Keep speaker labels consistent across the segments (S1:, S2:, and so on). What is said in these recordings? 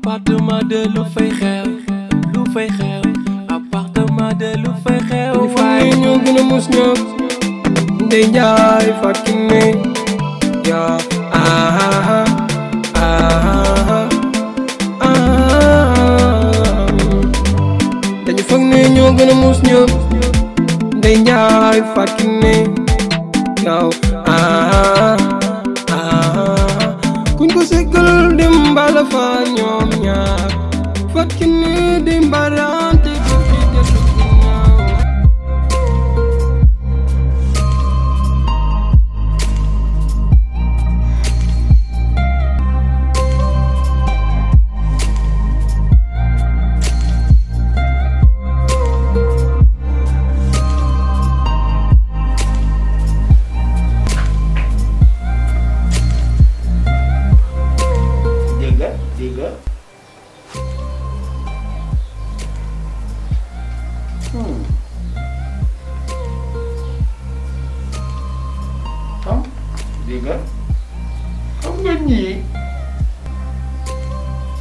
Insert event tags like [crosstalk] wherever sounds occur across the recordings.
S1: Appartement de Loufegel, Loufegel. Appartement de Loufegel. Ni fay ñu gëna mus ñop Ndey ñay fakine Ya ah ah ah ah. Dañu foog ne ñoo gën mus ñop Ndey ñay fucking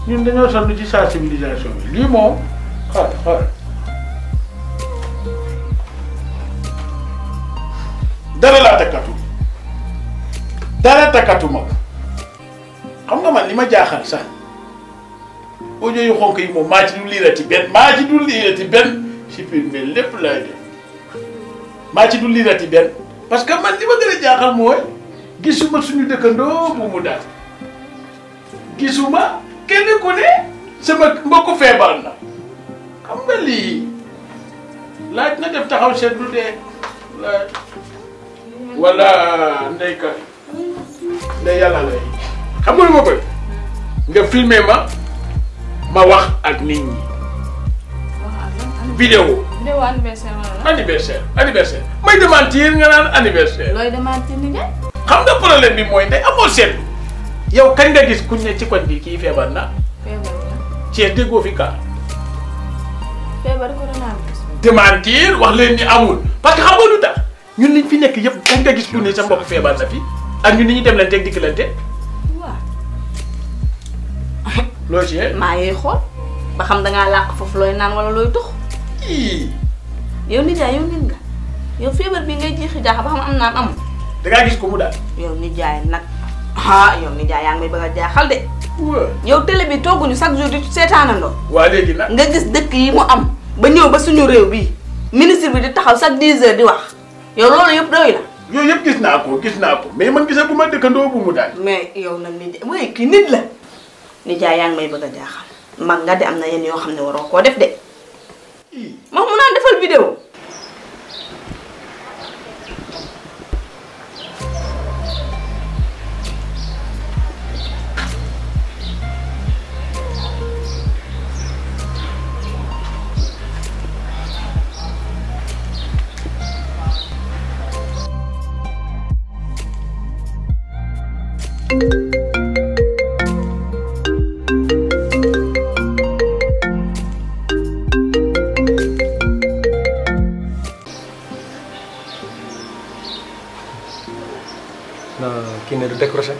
S2: ñun dañoo sonn ci sensibilisation bi lii moom xaar xaar dara laa takkatu dara takkatu ma xam nga man li ma jaaxal sax audio yu xonk yi moom maa ci du liirati benn maa ci du liirati benn supprimer lépp laay def maa ci du liirati benn parce que man li ma gën a jaaxal mooy gisuma suñu dëkkandoo bu mu daal gisuma. kenn ku ne sama mbokku feebar na xam nga lii laaj na def taxaw seetlu dee la wala ndeyka ndey yàlla lay xam nga lu ma bëgg nga filmé ma ma wax ak nit ñi. vidéo
S3: vidéo anniversaire la
S2: anniversaire anniversaire may démentir nga naan anniversaire.
S3: looy démentir ni nga.
S2: xam nga problème bi mooy ndey amoo seetlu. yow kañ nga gis kuñ ne ci koñ bi kii feebar na.
S3: feebar na
S2: Thiès déggoo wax leen ni amul parce que xamoo ñun liñ fi nekk yëpp nga gis ku ne feebar na fi ak ñun ni ñuy dem leen teg dikk leen teg. maa
S3: ngi xool ba xam da ngaa foofu looy naan wala looy tux. yow nit yaay yow nit nga yow feebar bi ngay jiixi jaax ba xam am naan amul. da ngaa gis ko mu daal. yow nit yaay nag. ah yow ni yaa ngi may bëgg a jaaxal de. yow télé bi tooguñu chaque jour di seetaanandoo. waa léegi nga gis dëkk yi mu am. ba ñëw ba suñu réew bii ministre bi di taxaw chaque dix heures di wax yow loolu yëpp doy la. yooyu yëpp gis naa ko gis naa ko mais man gisee bu ma dëkkandoo bu mu daal. mais yow nag ni waaye kii nit la. ni yaa ngi may bëgg a jaaxal. mag nga de am na yenn yoo xam ne waroo koo def de. moom mu naan defal vidéo.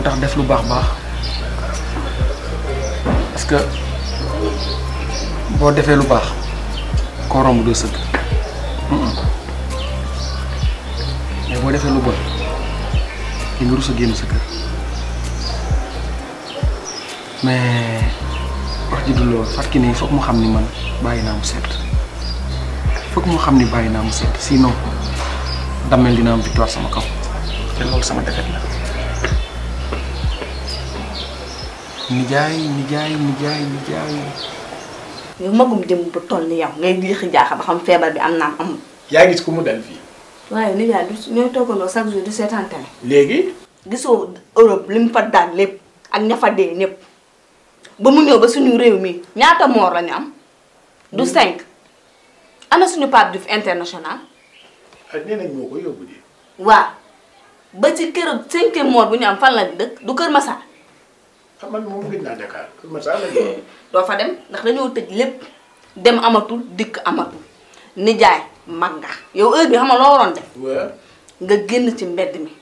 S4: moo tax def lu baax baax parce que boo defee lu baax koo romb doo sëgg mais boo defee lu bon di nga rus a sa kër mais wax ji du loolu Fatou Kiné foog mu xam man bàyyi naa mu set foog mu xam ni bàyyi naa mu set sinon dammel dina am victoire sama kaw te loolu sama defet la. nijaay nijaay nijaay nijaay.
S3: yow magum jëm bu toll ni yow ngay yéex a ba xam feebar bi am naam am.
S4: yaa gis ku mu dal
S3: fii. waaye nijaay du ñooy toggandoo chaque jour du seetaan télé. léegi. gisoo li mu daan lépp ak ña fa mu ñëw ba suñu réew mi ñaata moor la am du hmm. cinq ana suñu Pape Diouf international. ak ah, nee moo ko yóbbu de. waaw ba ci kër cinquième moor bu ñu am fan la dëkk du Kër Massar. xam man moom gëj naa Dakar Kër Masar la [laughs] doo fa dem ndax dañoo tëj lépp dem amatul dikk amatul nijaay mag nga yow heure bi xam nga loo waroon def. nga génn ci mbedd mi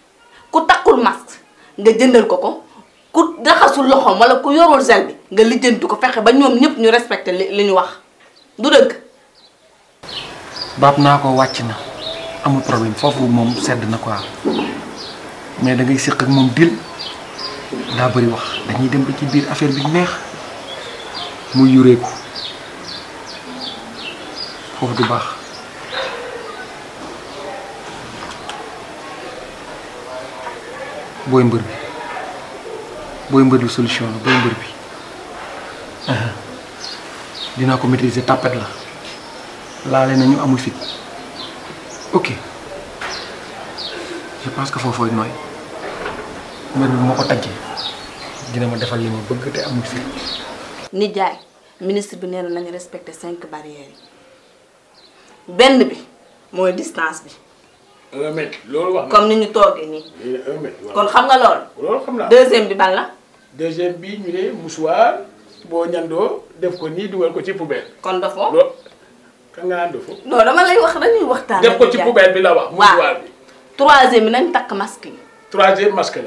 S3: ku takkul masque nga jëndal ko ko ku raxasul loxoom wala ku yorul gel bi nga lijjanti ko fexe ba ñoom ñëpp ñu respecté li li ñu wax du dëgg.
S4: baab naa ko wàcc na amul problème foofu moom sedd na quoi mais da ngay moom dil daa bëri wax dañuy dem ba ci biir affaire bi neex muy yureeku foofu du baax booy mbër bi booy mbër bi solution la booy mbër bi dina ko maîtriser tàppet la laale na ñu amul fit ok je pense que foofooy nooy mbir bi moko ko dina ma defal li ma bëgg té amul fi.
S3: jaay ministre bi nee nañu respecté cinq barrières benn bi moy distance bi. comme niñu togué ni kon xam nga lool lool xam la deuxième
S2: bi ban la. deuxième bi ñu né mouchoir bo ñando def ko ni dugal ko ci poubelle. kon dafo loo kan nga naan dafoo. non masque troisième masque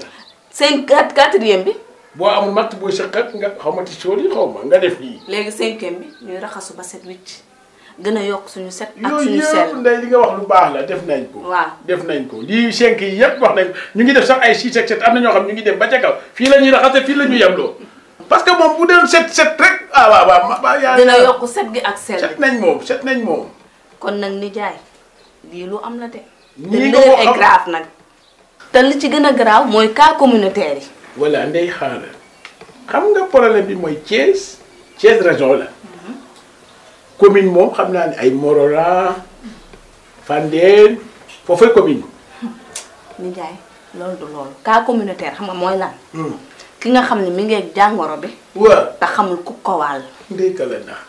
S3: seen quatre
S2: quatrième bi. boo amul matt booy sëqat nga xaw ma ci sóor xaw ma nga def lii.
S3: léegi cinquième bi ñuy raxasu ba set wicc gën a yokk suñu set. ak suñu sel
S2: yooyu li nga wax lu baax la def nañ ko. nañ ko lii wax nañ ñu ngi def sax ay six am na ñoo xam ñu ngi dem ba ca kaw fii la ñuy raxase fii la ñuy yemloo parce que moom bu doon set set rek ah waaw waaw ma yaa dina yokk
S3: set gi ak set nañ moom set nañ moom. kon nag nijaay lii lu am la de.
S2: nii nga ko xam
S3: te grave te li ci gën a garaaw mooy cas communautaire yi.
S2: wala ndey xaana xam nga problème bi mooy Thiès Thiès région la. Mm-hmm. commune moom xam naa ne ay Morolan Fandène
S3: foofay commune. [laughs] Ndiaye loolu du loolu cas communautaire xam nga mooy lan. Mm. ki nga xam ne mi ngi jàngoro bi. waaw te xamul ku ko wàll. ndey ka la ndax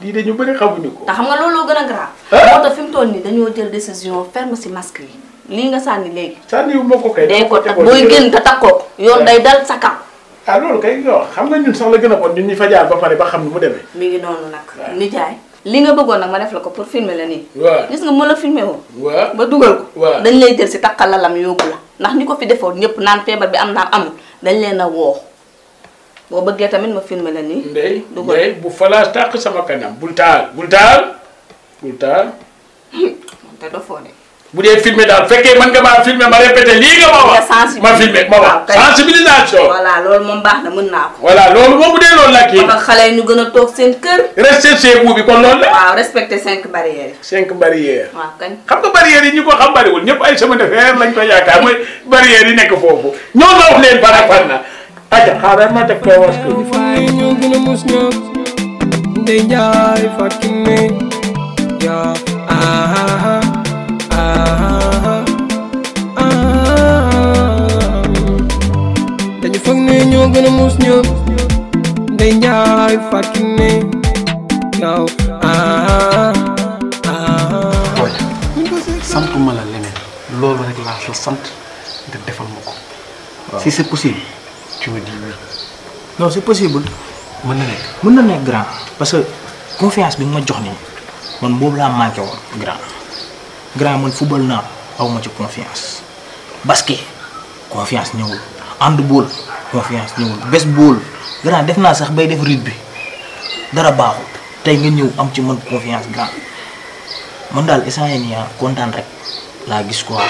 S3: lii dañu bëri xamuñu ko. te xam nga looloo gën a grave. moo tax fi toll nii dañoo jël décision ferme ci masque yi. lii nga sànni léegi. sànniwu ma ko kay. dee ko takk booy génn te takk ko day dal saka kaw.
S2: ah loolu kay wax xam nga ñun sax la gëna bon ñun ñi fa jaar ba pare ba xam ni mu démé
S3: mi ngi nonu nak ni jaay li nga bëggoon nak ma def la ko pour filmer la ni gis nga mo la filmer woo. ba duggal ko. dañ lay jël ci si la lam yóbbu la ndax ñiko fi defo ñëpp naan feebar bi am na am dañ leena wo bo boo bëggee tamit ma filmer la ni
S2: ndey ndey bu falaas tak sama kanam bultal bultal bultal
S3: [laughs] ta do fo ne
S2: bu dee filmé daal fekkee mën nga maa filmé ma répété lii nga ma wax ma filmé ma wax baax na mën naa
S3: ko. loolu moom bu dee loolu la kii. xale yi ñu gën a toog seen kër.
S2: resté chez vous bi kon loolu la. waaw
S3: respecté cinq barrières.
S2: cinq barrières. xam nga barrières yi ñi ko xam bariwul ñëpp ay semaine affaire lañ ko yaakaar mooy barrières yi nekk foofu ñoo la wax leen par rapport na. aja xaaral ma teg ko wax ko. ñoo gën a mus ñëpp.
S1: ndey jaay fàkki ne yaa ah, ah. moo gën a muus ñëpp ndey
S4: la leneen loolu rek laa la nga defal ma ko. si c'est possible tu me dis oui. non possible. mën na nekk mën na nekk grand parce que confiance bi nga ma jox nii man boobu laa manqué woon grand grand man football naa aw ci confiance basket confiance ñëwul handball confiance ñëwul bes bool grand def na sax bay def rugby dara baaxul tay nga ñew am ci man confiance grand man dal instant yii nii ah, rek la gis quoi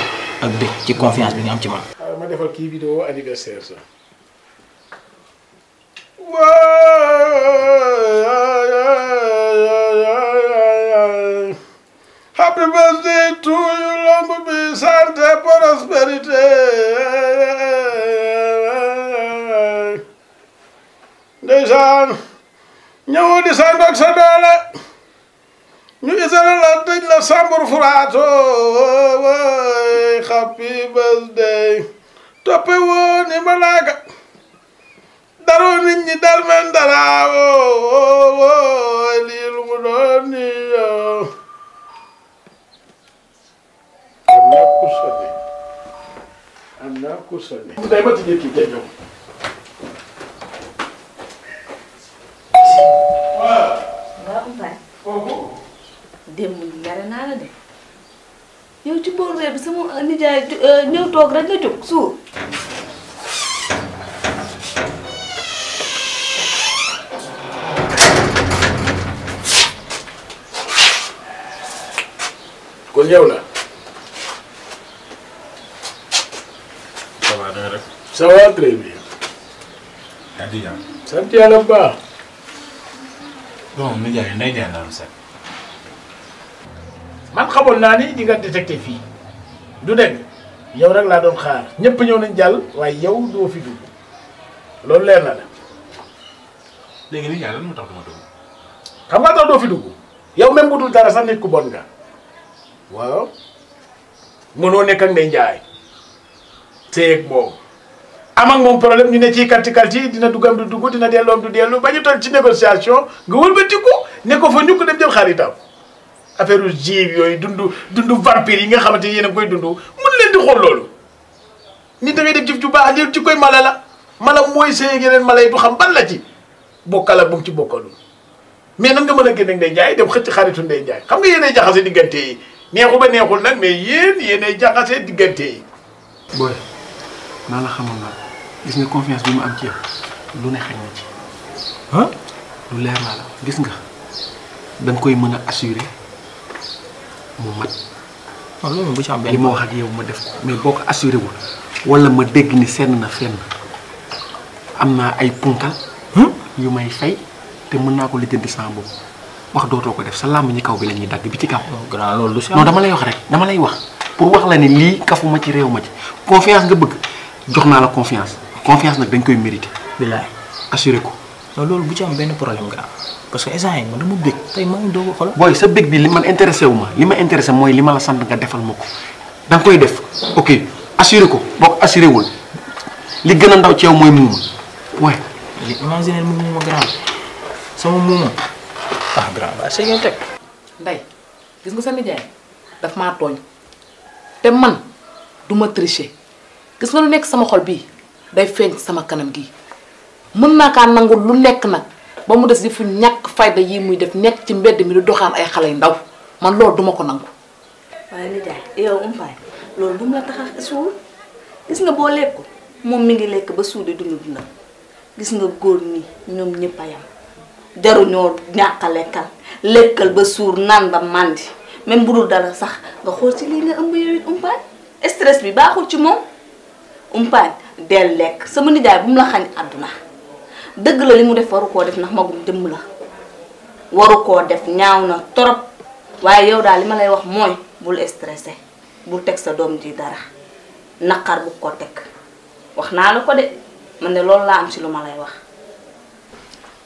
S4: ak be ci confiance bi nga am ci man.
S2: Ah, ma defal ki vidéo anniversaire sax. Happy birthday to you, long be sante prosperity. ndeysaan ñëw di sa doole ñu isala la dëj la sambur furaato birthday toppe woo ni malaaka ñi dar men daraawo mu doon ni
S3: démb mere naa la de yow ci boor reer bi sama euh, nijaay euh, ñëw toog rek nga jóg suur
S2: kon yow la ça va danga rek ça va très bien bon nijaay ndey jaay naa lu set man xamoon naa ni di nga détecté fii du dégg yow rek laa doon xaar ñëpp ñëw nañ jàll waaye yow doo fi dugg loolu leer na la. léegi nii yàlla lan moo tax dugg. xam nga tax doo fi dugg yow même bu dul dara sax nit ku bon nga waaw mën nekk ak Ndeye Ndiaye téyeeg moom am ak moom problème ñu ne ci karti dina duggam du dugg dina delloom du dellu ba ñu toll ci négociation nga wëlbati ko ne ko fa ñu ko dem jël xaritam. affaire jiib yooyu dund dund vampire yi nga xamante ni yéen a koy dund mun leen di xool loolu nit da ngay def jëf ju baax li ci koy mala la mala mooy sëy yeneen mala yi du xam ban la ci bokkal ak bu mu ci bokkalul mais nan nga mën a gën ak jaay dem xëcc xaritu ndey jaay xam nga yéenay jaxase diggante yi neexu ba neexul nag mais yéen yéenay jaxase diggante yi.
S4: booy naa la xamal gis nga confiance bi mu am ci lu ne xëy na ci. lu leer naa la gis nga da koy mën a assurer. mu mat. waaw bu ci am benn li ma wax ak yow ma def mais boo ko assuré wul wala ma dégg ni seen na fenn am naa ay punkal hmm? yu may fay te mën naa ko lijjanti sans boobu wax dootoo ko def sa làmb ñi kaw bi la ñuy dagg bi ci kaw. Oh, grand loolu du non dama lay wax rek dama lay wax pour wax la ne lii kafuma ci réew ma ci confiance nga bëgg jox naa la confiance confiance nag dañ koy mérité. bilaay assuré ko. non loolu bu ci am ben problème nga parce que instant yi man dama bég tay ma ngi doog a xool. booy sa bég bi li man intéressé wu ma li ma intéressé moy li ma la sant nga defal mako dang koy def ok assurer ko bok assurer wul li gëna ndaw ci yow moy mum ouais li imagine mum mo grand sama mum
S5: ah grand waaye c'est ngeen teg. gis nga sa ya? nijaay daf ma togn te man duma tricher gis nga lu nekk sama xol bi day feñ sama kanam gi mën naa kaa nangul lu nekk nag ba mu des di fu ñàkk fayda yi muy def nekk ci mbedd mi lu doxaan ay xale yu ndaw man loolu duma ko nangu.
S3: waaye nijaay yow umpaay loolu bu mu gis nga boo lekk moom mi ngi lekk ba suude duñu dundam nga góor ñi ñoom ñëpp jaruñoo ñàkk a lekkal lekkal ba suur naan màndi même bu dul dara sax nga xool ci lii nga ëmb yow it stress bi baaxul ci moom umpaañ del lekk sama nijaay bu mu la xañ àdduna dëgg la li mu def waru koo def ndax magum dëmm la waru koo def ñaaw na torop waaye yow daal li ma lay wax mooy bul stressé bul teg sa doom ji dara naqar bu ko teg wax naa la ko de man de loolu laa am si lu ma lay wax.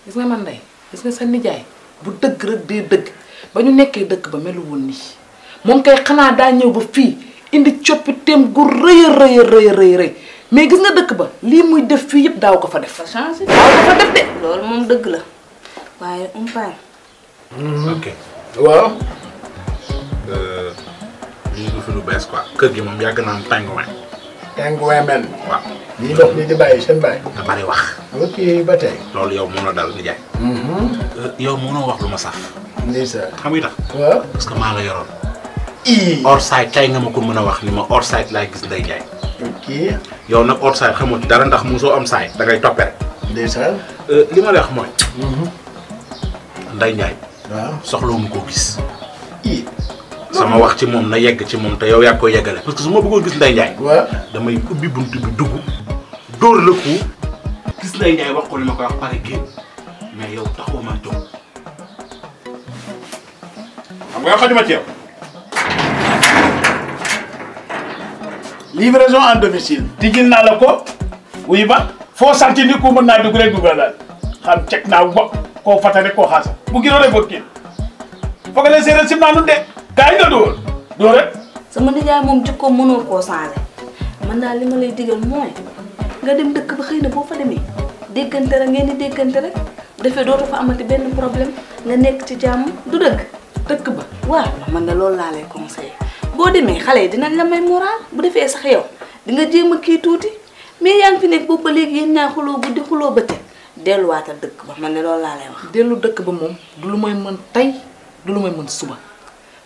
S3: gis nga man day
S5: gis nga sa nijaay bu dëgg rek dee dëgg ba ñu nekkee dëgg ba melu woon nii moom kay xanaa daa ñëw ba fii indi coppi gu rëy a rëy rëy mais gis nga dëkk ba lii muy def
S3: fii yëpp daaw ko fa def. changé daaw ko fa def de. loolu moom dëgg la waaye umpaañ.
S2: Hmm, ok waaw. Euh, lii du fi lu bees quoi kër gi moom di bàyyi seen bàyyi. nga bari wax. ok ba tey. loolu yow dal jaay. Mhm. Euh, yow wax lu ma saf. ndeysaan xam nga tax. waaw parce que maa Orside tey nga ma ko mën a wax ni ma Orside laa gis Ndeye Ndiaye. ok yow nag Orside xamoo ci dara ndax mu soo am saay dangay ngay toppee rek. Euh, li ma lay wax mooy. Mhm. Ndeye Ndiaye. waaw soxloo mu koo gis. sama wax ci moom na yegg ci moom te yow yaa koy yeggale parce que su ma bëggoon gis Ndeye Ndiaye. waaw damay ubbi bunt bi dugg dóor la ko. gis Ndeye Ndiaye wax ko li ma koy wax pare génn mais yow taxoo maa jóg. xam nga xajuma ci yow. livraison en domicile tijjil naa la ko wuy ba foo sarti ni ku mën naa dugg rek duggal daal xam cek naa wop koo fata koo xaasa bu gino rek bot kin foog ne séeréer sim naa nun de gaa yi nga dóor dóor rek
S3: sama nijaay moom jikkoom mënoo koo changé mën naa li ma lay digal mooy nga dem dëkk ba xëy na boo fa demee déggante rek ngeen di déggante rek defee dootu fa amati benn problème nga nekk ci jàmm du dëgg dëkk ba waaw man de loolu laa lay conseillé boo demee xale yi dinañ la may moral bu defee sax yow di jéem a kii tuuti mais yaa ngi fi nekk boobu ba léegi yéen ñaa xuloo guddi xuloo bëccëg delluwaatal dëkk ba man ne loolu laa lay wax. dellu dëkk ba moom du
S5: lu may mën tey du lu may mën suba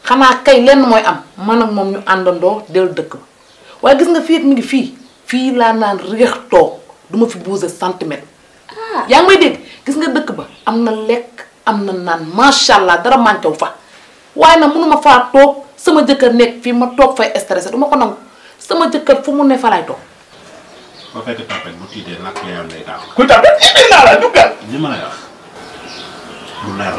S5: xanaa kay lenn mooy am man moom ñu àndandoo dellu dëkk ba waaye gis nga fii mi ngi fii fii laa naan réex toog du ma fi bouger centimètre. Ah. yaa ngi may dégg gis nga dëkk ba am na lekk am na naan macha allah dara manqué wu fa waaye nag mënuma faa toog. sama jëkkër nekk fii ma toog fay stressé du ma ko nangu sama jëkkër fu mu ne fa laay toog.
S2: ba fekk tàppet bu tiitee nag yaayam day daaw. kuy tàppet naa la juggal. li ma lay wax lu leer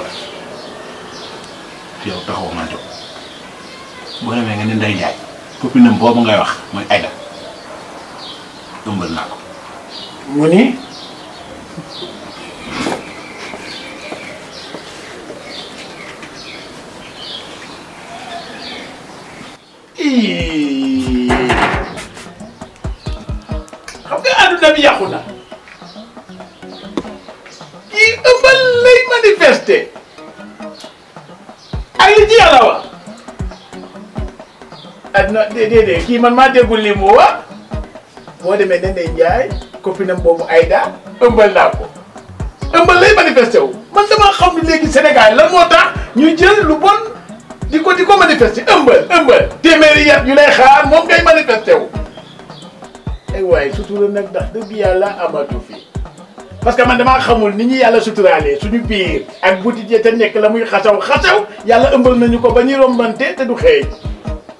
S2: ne boobu ngay wax mooy Aïda ëmbal naa ko. mu xam nga àdduna bi yàqu na kii ëmbal lay manifester ak li ci yàlla wax àdduna déedéet kii man maa déggul li mu wax boo demee Ndeye Ndiaye copine am boobu Aïda ëmbal naa ko ëmbal lay manifester man dama xam ne léegi Sénégal lan moo tax ñu jël lu bon. di ko di ko manifester ëmbal ëmbal téeméeri yat ñu lay xaar moom ngay manifester wu. ay eh waaye sutura nag ndax dëgg yàlla amatu fi parce que man damaa xamul ni ñu yàlla suturaalee suñu biir ak butit yi te nekk la muy xasaw xasaw yàlla ëmbal nañu ko ba ñuy rombante te du xëy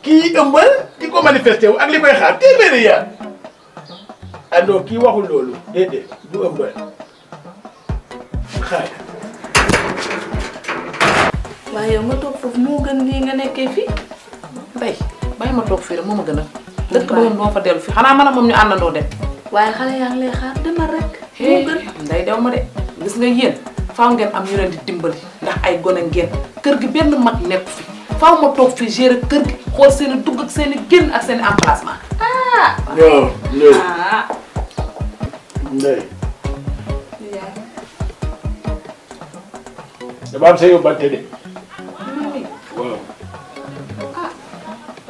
S2: kii ëmbal di ko manifester wu ak li koy xaar téeméeri yat andoo ah kii waxul loolu déedéet du ëmbal xaar.
S3: waaye yow ma toog foofu moo gën lii nga nekkee fii bay bàyyi ma
S5: toog fii rek moo ma gën a. dëkk ba moom doo fa dellu fii xanaa man ak moom ñu àndandoo dem.
S3: waaye xale yaa ngi xaar demal rek. moo gën
S5: nday dew ma de gis nga yéen faaw ngeen am ñu leen di dimbali ndax ay gone ngeen kër gi benn mag nekk fi faw ma toog fii gérer kër gi xool seen i dugg ak seen i génn ak seen i emplacement.
S3: ah. waaw
S2: Ndeye ah. dama am sa yóbbante de.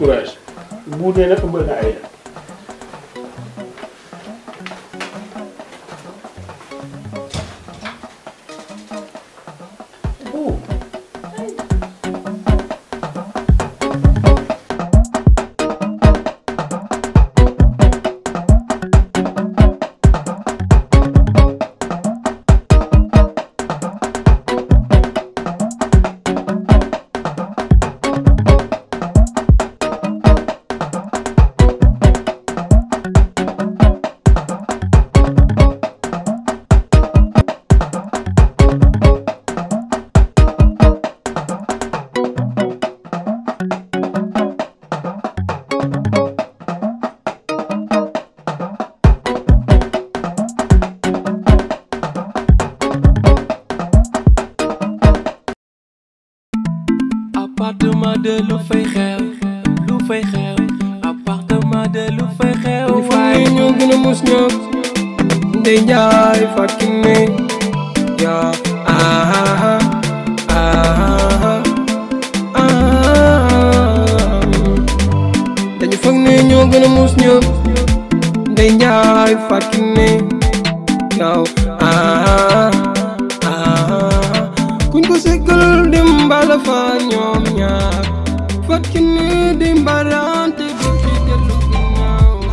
S2: courage. buutee nag ëmbal na ay la.
S1: Appartement de Loufeigel, Loufeigel. Appartement de Loufeigel. Fay ñu gën mus ñëpp. fucking me. Ah, ah, ah, ah. Dañu foog ne ñoo mus ñëpp. Ndey Njaay fucking me. What ñoom ñaar fakki ni